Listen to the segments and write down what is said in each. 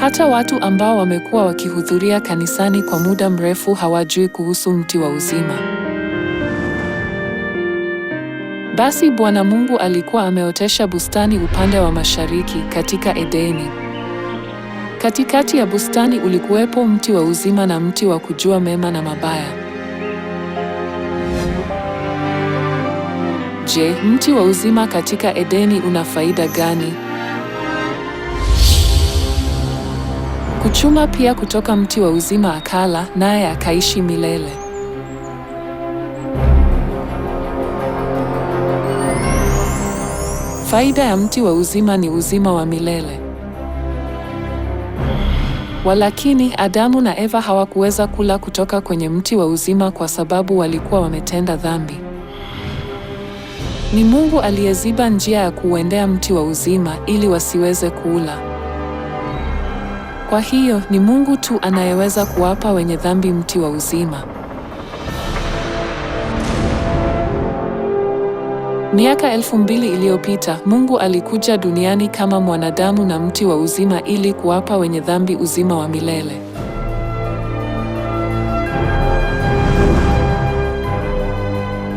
Hata watu ambao wamekuwa wakihudhuria kanisani kwa muda mrefu hawajui kuhusu mti wa uzima. Basi Bwana Mungu alikuwa ameotesha bustani upande wa mashariki katika Edeni. Katikati ya bustani ulikuwepo mti wa uzima na mti wa kujua mema na mabaya. Je, mti wa uzima katika Edeni una faida gani? Kuchuma pia kutoka mti wa uzima akala, naye akaishi milele. Faida ya mti wa uzima ni uzima wa milele. Walakini Adamu na Eva hawakuweza kula kutoka kwenye mti wa uzima kwa sababu walikuwa wametenda dhambi. Ni Mungu aliyeziba njia ya kuuendea mti wa uzima ili wasiweze kuula. Kwa hiyo ni Mungu tu anayeweza kuwapa wenye dhambi mti wa uzima. Miaka elfu mbili iliyopita Mungu alikuja duniani kama mwanadamu na mti wa uzima ili kuwapa wenye dhambi uzima wa milele.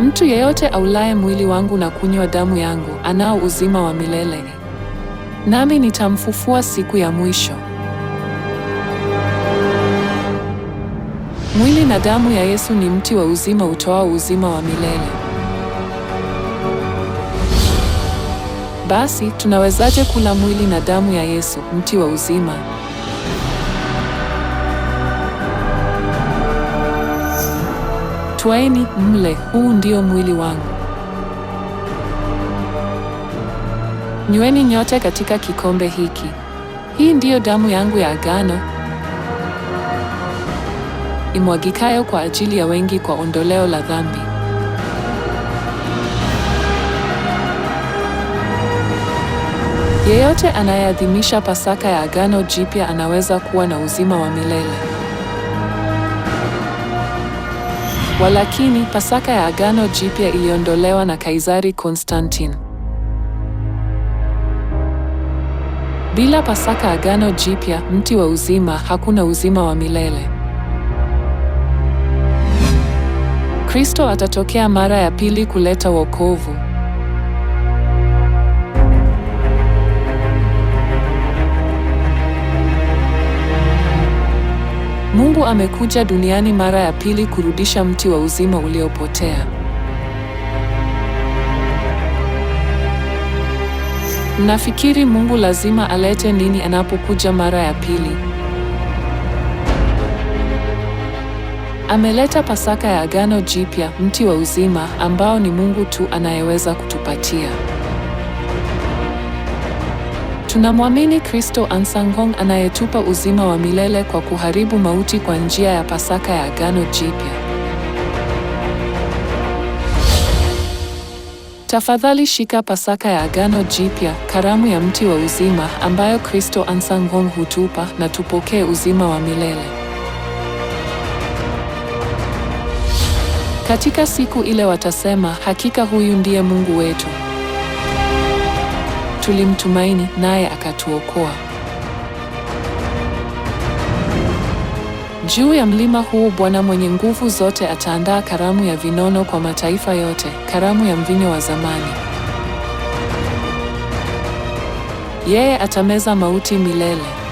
Mtu yeyote aulaye mwili wangu na kunywa damu yangu anao uzima wa milele, nami nitamfufua siku ya mwisho. Mwili na damu ya Yesu ni mti wa uzima utoao uzima wa milele. Basi tunawezaje kula mwili na damu ya Yesu, mti wa uzima? Twaeni mle, huu ndio mwili wangu. Nyweni nyote katika kikombe hiki. Hii ndiyo damu yangu ya agano, imwagikayo kwa ajili ya wengi kwa ondoleo la dhambi. Yeyote anayeadhimisha Pasaka ya Agano Jipya anaweza kuwa na uzima wa milele. Walakini, Pasaka ya Agano Jipya iliondolewa na Kaisari Konstantin. Bila Pasaka Agano Jipya, mti wa uzima, hakuna uzima wa milele. Kristo atatokea mara ya pili kuleta wokovu. amekuja duniani mara ya pili kurudisha mti wa uzima uliopotea. Mnafikiri Mungu lazima alete nini anapokuja mara ya pili? Ameleta Pasaka ya Agano Jipya, mti wa uzima ambao ni Mungu tu anayeweza kutupatia. Tunamwamini Kristo Ahnsahnghong anayetupa uzima wa milele kwa kuharibu mauti kwa njia ya Pasaka ya Agano Jipya. Tafadhali shika Pasaka ya Agano Jipya, karamu ya mti wa uzima ambayo Kristo Ahnsahnghong hutupa na tupokee uzima wa milele. Katika siku ile watasema, hakika huyu ndiye Mungu wetu. Tulimtumaini naye akatuokoa. Juu ya mlima huu Bwana mwenye nguvu zote ataandaa karamu ya vinono kwa mataifa yote, karamu ya mvinyo wa zamani. Yeye atameza mauti milele.